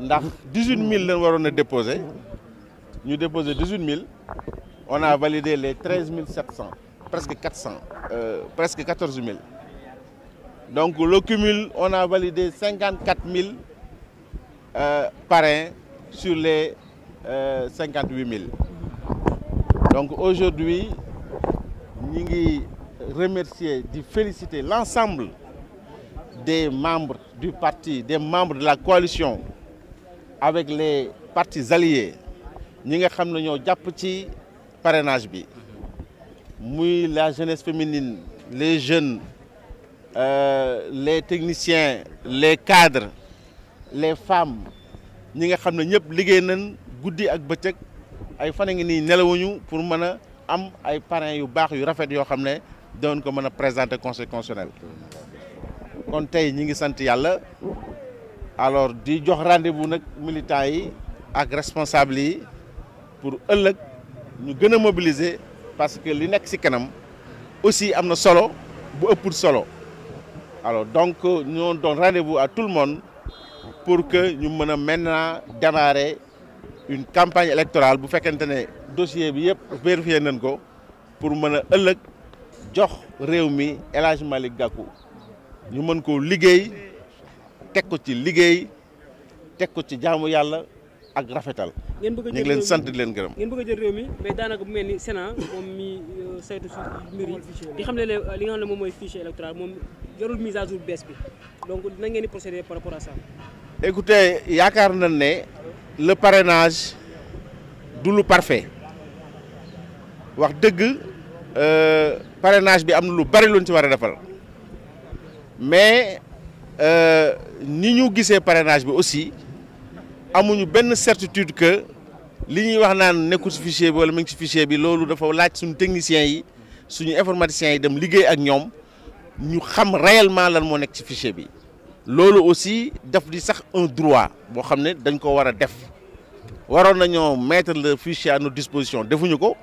ndax mille la waroon a déposé ñu déposé 18000 on a validé les 13700 presque 400 euh, presque 14000 donc le cumul on a validé 54000 euh, parrains sur les euh, 58000 donc aujourd'hui ñu ngi remercier di féliciter l'ensemble des membres du parti, des membres de la coalition avec les partis alliés ñi nga xam ne ñoo jàpp ci parrainage bi muy la jeunesse féminine les jeunes euh, les techniciens les cadres les femmes ñi nga xam ne ñëpp liggéey nañ guddi ak bëccëg ay fan ngi nii nelawuñu pour mën a am ay parrains yu baax yu rafet yoo xam ne doon ko mën a présenter conseil constitutionnel kon tey ñi ngi sant yàlla alors di jox rendez-vous nag militants yi ak responsables yi pour ëllëg ñu gën a mobiliser parce que li nekk ci kanam aussi am na solo bu ëpput solo alors donc ñoo doon rendez-vous à tout le monde pour que ñu mën a maintenant démarrer une campagne électorale bu fekkente ne dossier bi yëpp vérifié nañ ko pour mën a ëllëg jox réew mi El Hadj Malick ñu mën koo liggéey teg ko ci liggéey teg ko ci jaamu yàlla ak rafetal. ngeen bëgg a ñu leen sant leen gërëm. ngeen bëgg a jël réew mi mais daanaka bu mel ni Sénat moom mi euh, saytu xam ne li nga xam ne moom mooy fichier électoral moom jarul mise à bees bi donc na ngeen di procéder par rapport à ça. écoutez yaakaar na ne le parrainage du lu parfait wax dëgg euh, parenage bi am na lu bari luñ ci war a defal. mais euh, ni ñu gisee parrainage bi aussi amuñu benn certitude que li ñuy wax naan nekkul ci fichier bi wala mi ngi ci fichier bi loolu dafa laaj suñu techniciens yi suñu informaticiens yi dem liggéey ak ñoom ñu xam réellement lan moo nekk ci fichier bi loolu aussi daf di sax un droit boo xam ne dañ ko war a def waroon nañoo mettre le fichier à notre disposition defuñu ko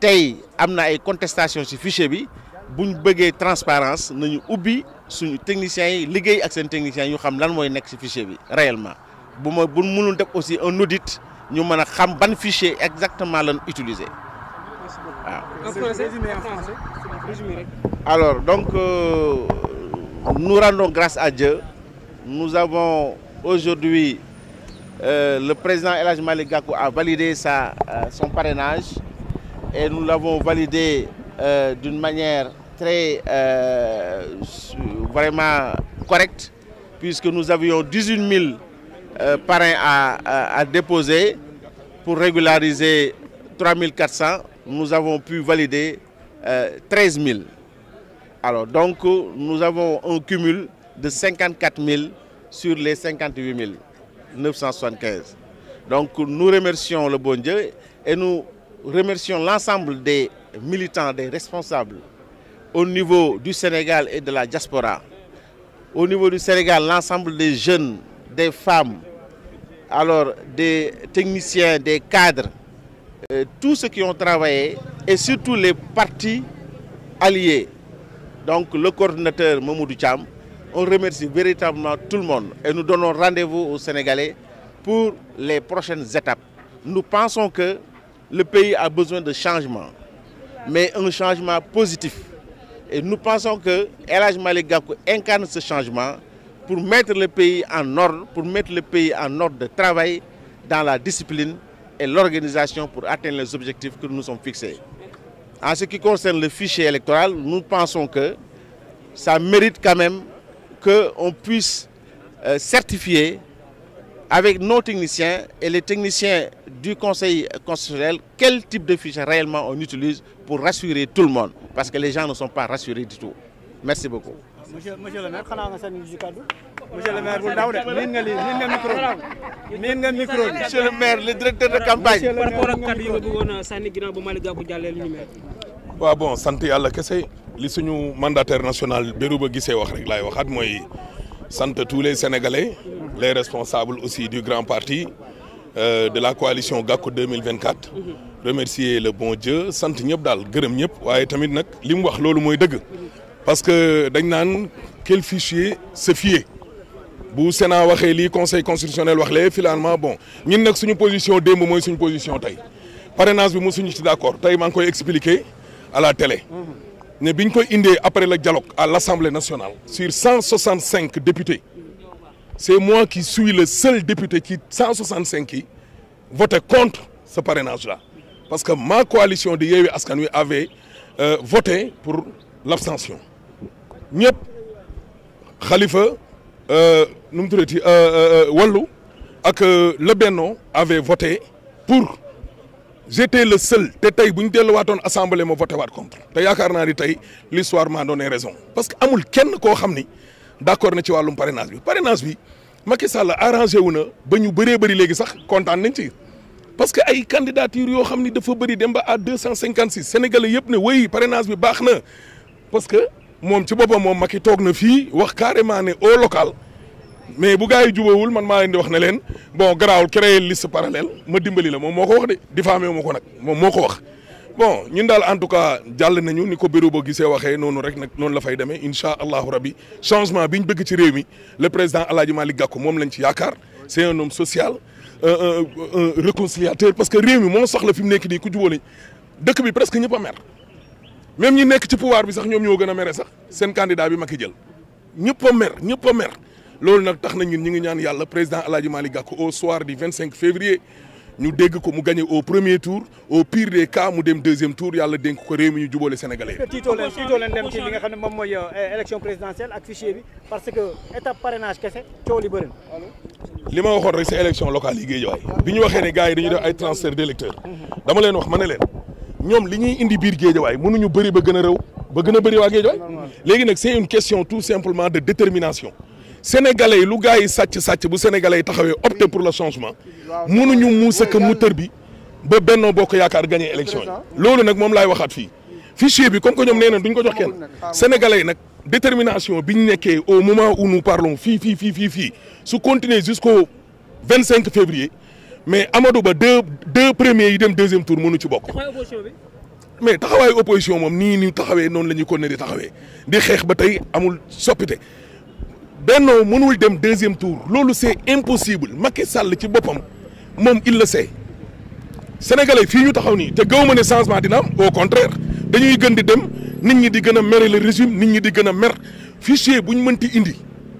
tey am na ay contestation ci fichier bi buñ bëggee transparence nañu ubbi suñu techniciens yi liggéey ak seen techniciens yi ñu xam lan mooy nekk ci fichier bi réellement bu mooy bu mënul def aussi un audit ñu mën a xam ban fichier exactement lan utiliser waaw. alors donc euh, nous rendons grâce à Dieu nous avons aujourd'hui euh, le président élage Hadj Malick Gakou a validé sa euh, son parrainage et nous l'avons validé euh, d'une manière très euh, vraiment correct puisque nous avions 18 000 euh, parrains à, à, à, déposer pour régulariser 3 400. Nous avons pu valider euh, 13 000. Alors donc nous avons un cumul de 54 000 sur les 58 000 975. Donc nous remercions le bon Dieu et nous remercions l'ensemble des militants, des responsables au niveau du Sénégal et de la diaspora au niveau du Sénégal l'ensemble des jeunes des femmes alors des techniciens des cadres euh, tous ceux qui ont travaillé et surtout les partis alliés donc le coordinateur Mamoudou Thiam on remercie véritablement tout le monde et nous donnons rendez-vous aux Sénégalais pour les prochaines étapes nous pensons que le pays a besoin de changement mais un changement positif Et nous pensons que El Hadj Malick Gakou incarne ce changement pour mettre le pays en ordre, pour mettre le pays en ordre de travail dans la discipline et l'organisation pour atteindre les objectifs que nous nous sommes fixés. En ce qui concerne le fichier électoral, nous pensons que ça mérite quand même que on puisse euh, certifier avec nos techniciens et les techniciens du Conseil constitutionnel quel type de fichier réellement on utilise pour rassurer tout le monde, parce que les gens ne sont pas rassurés du tout. Merci beaucoup. monsieur le maire xanaa nga sànni si kaddu monsieur le maire bu ndaw de miin nga lii miin directeur de campagne. par rapport ak kaddu yi nga bëggoon a sànni ginnaaw ba Malick Gakou bon sant yàlla kese li suñu mandataire national Bérouba gisee wax rek laay waxaat mooy sant tous les sénégalais les responsables aussi du grand parti. Euh, de la coalition Gakou 2024. Mhm. remercier le bon Dieu sant ñëpp daal gërëm ñëpp waaye tamit nag li mu wax loolu mooy dëgg. parce que dañ naan quel fichier se fier bu Sénat waxee lii conseil constitutionnel wax lee finalement bon ñun nag suñu position démb mooy suñu position tey parrainage bi mosuñu ci d' accord tey maa ngi koy expliquer à la télé. Mhm. ne ñu koy indee après le dialogue à l' assemblée nationale sur 165 députés. c'est moi qui suis le seul député qui 165 qui votait contre ce parrainage-là. Parce que ma coalition di Yewi Askanui avait ave euh, voté pour l'abstention. Nyep, Khalifa, euh, euh, euh, euh Wallou, et Le Benno avaient voté pour. J'étais le seul. Tétaï, si nous avons assemblée, je voté contre. Et je pense que l'histoire m'a donné raison. Parce que amul kenn koo personne ni d' accord na ci wàllum parrainage bi parrainage bi Macky Sall arrangé wu na ba ñu bëree bëri léegi sax kontaan nañ ci parce que ay candidature yoo xam ni dafa bëri dem ba à deux cent cinquante six sénégalais yëpp ne wéy parrainage bi baax na parce que moom ci boppam moom Macky toog na fii wax carrément ne au local mais bu gars yi jubawul man maa leen di wax na leen bon kere créer liste parallèle ma dimbali la moom moo ko wax de diffamé moo ko nag moom moo ko wax. bon ñun daal en tout cas jàll nañu ni ko bureau ba gisee waxee noonu rek nag noonu la fay demee incha allahu rabi changement bi ñu bëgg ci réew mi le président El Hadj Malick Gakou moom lañ ci yaakaar c'est un homme social un réconciliateur parce que réew mi moo soxla fi mu nekk nii ku jubóo lañ dëkk bi presque ñëpp a mer même ñu nekk ci pouvoir bi sax ñoom ñoo gën a mere sax seen candidat bi Macky jël ñëpp a mer ñëpp loolu nag tax na ñun ñu ngi ñaan yàlla président El Hadj Malick Gakou au soir du 25 février. ñu dégg ko mu gagné au premier tour au pire des cas mu dem deuxième tour yàlla dénk ko réew mi ñu jubóole sénégalais yi. dem ci li nga xam ne mooy euh, élection présidentielle ak fichier bi parce que étape parrainage kese coow li li ma waxoon rek sa élection locale yi Guédiawaye bi ñu waxee ne gars yi dañuy def ay transfert d'électeurs mhm. dama leen wax ma ne leen ñoom li ñuy indi biir Guédiawaye mënuñu bëri ba gën a réew ba gën a bëri waa Guédiawaye léegi sénégalais yi lu gars yi sàcc sàcc bu sénégalais yi taxawee opté pour le changement mënuñu muus ak moteur bi ba Benno Bokk Yaakaar gagné élection yi loolu nag moom laay waxaat fi fichier bi comme que ñoom nee na ko jox kenn sénégalais yi nag bi ñu nekkee au moment où nous fii fii fii fii fii su continuer jusqu'au vingt cinq février mais Amadou Ba deux deux premiers yi dem deuxième tour mënu ci bokk mais taxawaayu opposition moom nii ni taxawee noonu la ñuy continuer di taxawee di xeex ba tey amul soppite Benno mënul dem deuxième tour loolu c'est impossible Macky Sall ci boppam moom il le sait fii ñu taxaw nii te gaw ma ne changement dina am au contraire dañuy gën di dem nit ñi di gën a mere le régime nit ñi di gën a mer fichier bu ñu mënti indi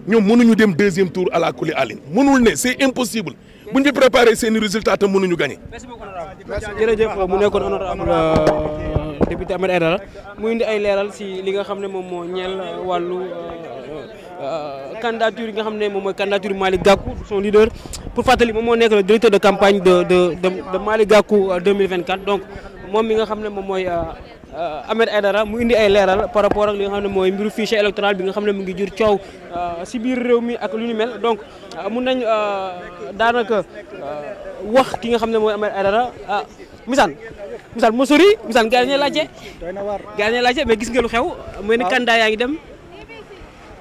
ñoom mënuñu dem deuxième tour à la coulée Aline mënul ne c'est impossible bu ñu fi préparé seen i résultats te mënuñu gagné. merci beaucoup jërëjëf mu nekkoon honorable euh, député Ahmed Aidara mu indi ay leeral si li nga xam ne moom moo ñeel euh, wàllu. Euh, Euh, candidature yi nga xam ne moom mooy candidature Malick Gakou moo nekk le directeur de campagne de de de de Malick Gakou 2024 euh, donc moom mi nga xam ne moom mooy euh, Ahmed Aidara mu indi ay leeral par rapport ak li nga xam ne mooy mbiru fichier électoral bi nga xam ne mu ngi jur coow si biir réew mi ak lu ni mel donc mun nañ daanaka wax ki nga xam ne mooy Ahmed Aidara ah misaan misaan ma sori misaan gars yi dañuy laajte gars yi dañuy laajte mais gis nga xew mooy ni candidat yaa dem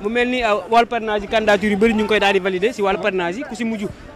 mu mel ni euh, wal parrainage yi candidature yu bëri ñu ngi koy daa di valider si wàllu parrainage yi ku si mujj